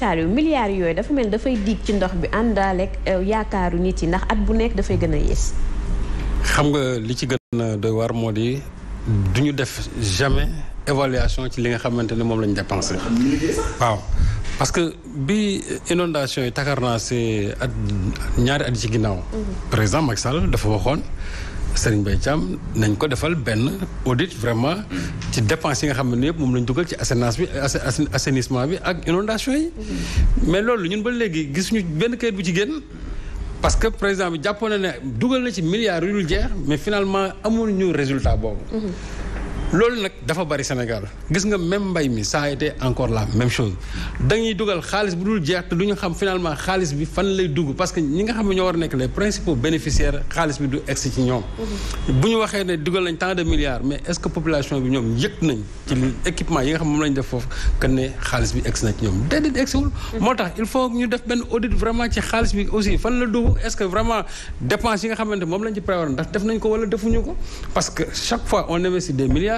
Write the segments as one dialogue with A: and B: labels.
A: saal yu milliards yooyu dafa mel dafay diig ci ndox bi àndaaleeg euh, yaakaaru nit yi ndax at bu nekk dafay gën a yées.
B: xam nga li ci gën a doy waar moo di du ñu def jamais évaluation ci li nga xamante ne moom lañ dépensé. waaw parce que bi inondation yi takar naa see at ñaari at yi ci ginnaaw. Mhm. président Macky Sall dafa waxoon. Serigne Mbaye Thiam nañ ko defal benn audit vraiment ci dépenses yi nga xam ne yëpp moom lañ dugal ci assainissement bi assainissement bi ak inondation yi mais loolu ñun ba léegi gisuñu benn kayit bu ci génn parce que président bi jàppoon na ne dugal na ci milliards yu dul jeex mais finalement amul ñu résultat boobu loolu nag dafa bari Sénégal gis nga même mbay mi ça a été encore la même chose dañuy dugal xaalis bu dul jeex te du ñu xam finalement xaalis bi fan lay dugg parce que ñi nga xam ñoo war a nekk les principaux bénéficiaires xaalis bi du egsi ci ñoom. bu ñu waxee ne dugal nañ tant de milliards mais est-ce que population bi ñoom yëg nañ. ci équipement yi nga xam moom lañ def foofu que ne xaalis bi egsi na ci ñoom déedéet egsiwul. moo tax il faut ñu def benn audit vraiment ci xaalis bi aussi fan la dugg est-ce que vraiment dépense yi nga xamante moom lañ ci prévoir ndax def nañ ko wala defuñu ko parce que chaque fois on investit des milliards.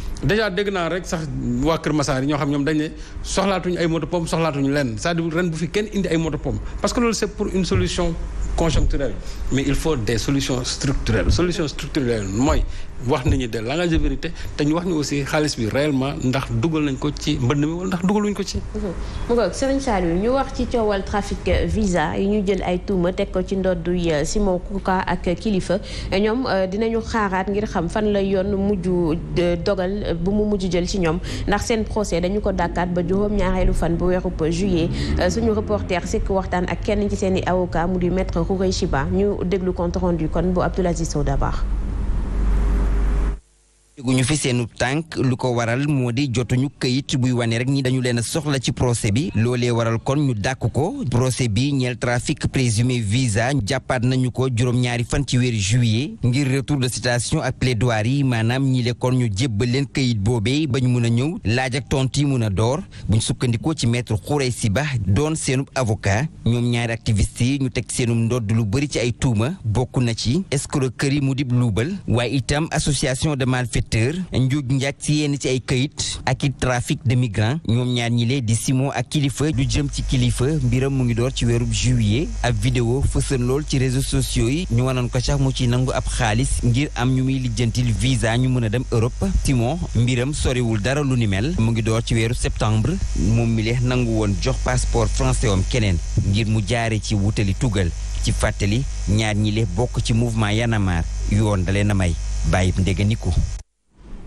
B: déjà dégg naa rek sax waa Kër Masar yi ñoo xam ñoom dañu ne soxlaatuñu ay moto pompe soxlaatuñu leen saa à dire ren bu fi kenn indi ay moto pompe parce que loolu c'est pour une solution conjoncturelle mais il faut des solutions structurelles solution structurelle mooy wax nañu de langage de vérité te ñu wax ñu aussi xaalis bi réellement ndax dugal nañ ko ci mbënn mi wala ndax dugaluñ ko ci.
A: mu ngoog Serigne Saliou ñu wax ci coowal trafic visa yi ñu jël ay tuuma teg ko ci ndoddu euh, Simon Kouka ak kilifa ñoom euh, dinañu xaaraat ngir xam fan la yoon mujj euh, dogal. bu mu mujj jël ci ñoom ndax seen procès dañu ko dàkkaat ba juróom-ñaareelu fan bu weerub juillet euh, suñu reporter sikk waxtaan ak kenn ci seen i avocat mu di maître Rougay Chiba ñu déglu compte rendu kon bu Abdoul Aziz Sow Dabax
C: teguñu fi seenu tànk lu ko waral moo di jotuñu këyit buy wane rek ni dañu leen a soxla ci procès bi loolee waral kon ñu dàkk ko procès bi ñeel trafic présumé visa jàppaat nañu ko juróom-ñaari fan ci weeru juillet ngir retour de citation ak plaidoirie yi maanaam ñi le kon ñu jébbal leen këyit boobee ba ñu mun a ñëw laaj ak tontu yi mun a door buñ sukkandikoo ci maître Khoureychi Ba doon seenub avocat ñoom ñaari activistes yi ñu teg seenum ndodd lu bëri ci ay tuuma bokk na ci escroquerie mu dib luubal waaye itam association de malfaiteurs secteur njuuj njaaj si yenn ci ay kayit ak i trafic de migrants ñoom ñaar ñi di Simon ak kilifa lu jëm ci kilifa mbiram mu ngi door ci weeru juillet ab vidéo fësën lool ci réseaux sociaux yi ñu wanoon ko sax mu ci nangu ab xaalis ngir am ñu muy lijjantil visa ñu mën a dem Europe Simon mbiram soriwul dara lu ni mel mu ngi door ci weeru septembre moom mile nangu woon jox passeport français wam keneen ngir mu jaare ci wutali tugal ci fàttali ñaar ñile bokk ci mouvement yanamar yoon dalee na may bàyyib ndéganiku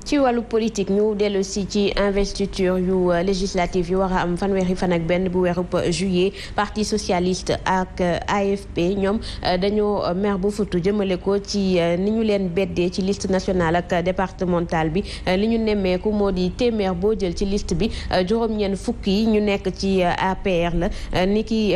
A: ci walu politique ñu dellu si ci investiture yu euh, législative yu war a am fanweeri fan ak benn bu weerub euh, juillet parti socialiste ak euh, AFP ñoom dañoo mer bu futu jëmale ko ci ni ñu leen beddee ci liste nationale ak départementale bi li ñu nemmeeku moo di téeméer boo jël ci liste bi juróom-ñeent fukki ñu nekk ci APR la ni ki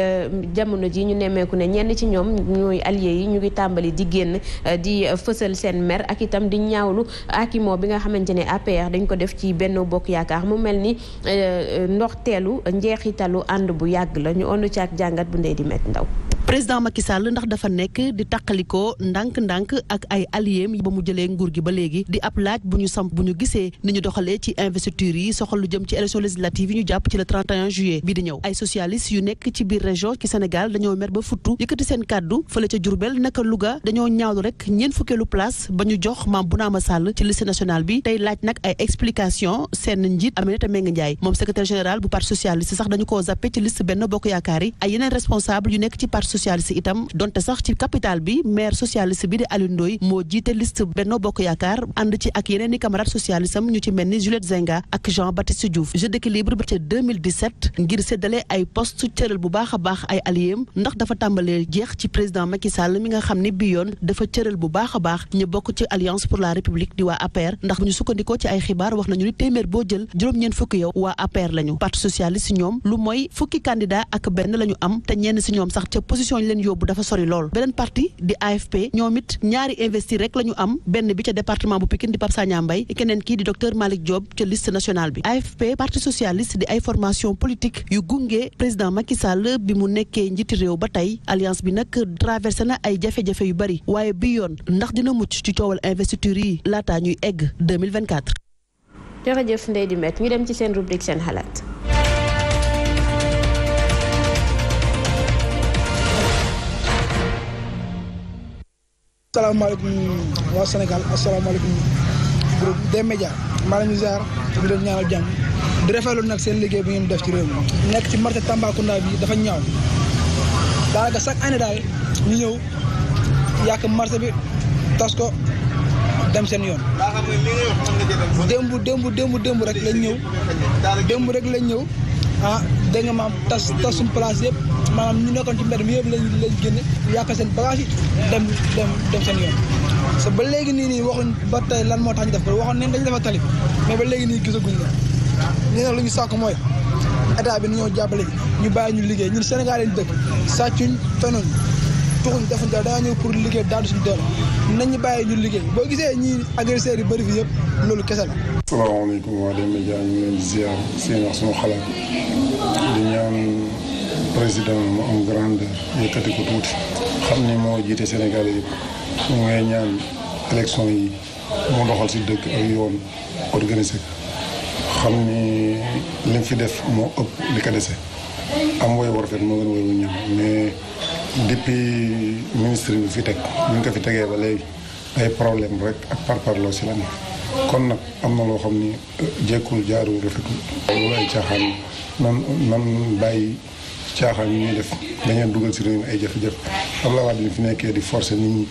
A: jamono ji ñu nemmeeku ne ñenn ci ñoom ñooy alliés yi ñu ngi tàmbali di génn di fësal seen mer ak itam di ñaawlu akimo bi nga xam xamante ne APR dañ ko def ci Benno Bokk Yaakaar mu mel ni euh, euh, ndorteelu njeexitalu ànd bu yàgg lañu ñu ond ci ak jàngat bu ndey di met ndaw président Macky Sall ndax dafa nekk
D: di taqalikoo ndànk-ndànk ak ay alliés ba mu jëlee nguur gi ba léegi di ab laaj bu ñu samp bu ñu gisee ni ñu doxalee ci investiture yi soxal lu jëm ci élection législative yi ñu jàpp ci le 31 juillet bi di ñëw ay socialistes yu nekk ci biir région ci Sénégal dañoo mer ba futtu yëkkati seen kàddu fële ca Diourbel naka Louga dañoo ñaawlu rek ñeent fukkeelu place ba ñu jox maam Bounama bi tey laaj nag ay explication seen njiit Aminata Mbengue Ndiaye moom secrétaire général bu parti socialiste sax dañu koo zappé ci liste benn socialiste ngir séddale ay poste cëral bu baax baax ay alliéem ndax dafa tàmbalee jeex ci président Macky mi nga xam ne bi dafa cëral bu baax baax ñu bokk ci alliance pour la république di waa APR ndax bu ñu sukkandikoo ci ay xibaar wax nañu ni téeméer boo jël juróom-ñeent fukki yow ak benn lañu am te ñenn si ñoom sax ca position position leen yóbbu dafa sori lool beneen parti di AFP ñoom it ñaari investir rek la ñu am benn bi ca département bu Pikine di Pape Sagna mbay keneen kii di docteur Malick Diop ca liste nationale bi AFP parti socialiste di ay formation politique yu gunge président Macky Sall bi mu nekkee njiiti réew ba tey alliance bi nag traversé na ay jafe-jafe yu bari waaye bii yoon ndax dina mucc ci coowal investiture yi laata ñuy egg
A: 2024. jërëjëf Ndeye Dimet ñu dem ci seen rubrique seen
B: asalaamaaleykum waa Sénégal asalaamaaleykum groupe D-Média maa ngi leen di ziar di nag seen liggéey bu ngeen def ci réew mi nekk ci marché Tambacounda bi dafa ñaaw daanaka chaque année daal ñu ñëw yàq marché bi tas ko dem seen yoon démb démb démb démb rek lañ ñëw démb rek lañ ñëw ah, dégg nga maam tas tas suñu place yëpp maanaam ñu nekkoon ci mbedd mi yëpp lañ lañ génne yàq seen bagage yi dem dem dem seen ba léegi nii nii waxuñ ba tey lan moo tax def ko waxoon nañ dañu defa tali mais ba léegi nii gisaguñ la ñu ne lu ñu sàkk mooy état bi ni ñoo jàppale ñu bàyyi ñu liggéey ñu Sénégal lañ dëkk sàccuñ fenuñ tuxuñ defuñ daal dangaa ñëw pour liggéey daal suñu doole nañu bàyyi ñu liggéey boo gisee ñi agresseurs yi bëri fi yëpp loolu kese la. salaamaaleykum waa Deme Dia ñu ngi leen di ziar seen wax sunu xalaat di ñaan président mu am yëkkati ko tuuti xam ni moo jiite Sénégal yëpp ñu ngay ñaan élection yi moo doxal si dëkk ak yoon organisé ko xam ni lim fi def moo ëpp li ko dese am woy war moo gën a war depuis ministre bi fi teg ñu ngi ko fi tegee ba léegi ay problème rek ak parparloo si la ne kon nag am na loo xam ni euh, jekkul jaarul rafetul loolu ay caaxaan nan nan bàyyi caaxaan yi ñuy def dañuy dugal si réew mi ay jafe-jafe Abdoulaye Wade bi fi nekkee di forcer nit ñi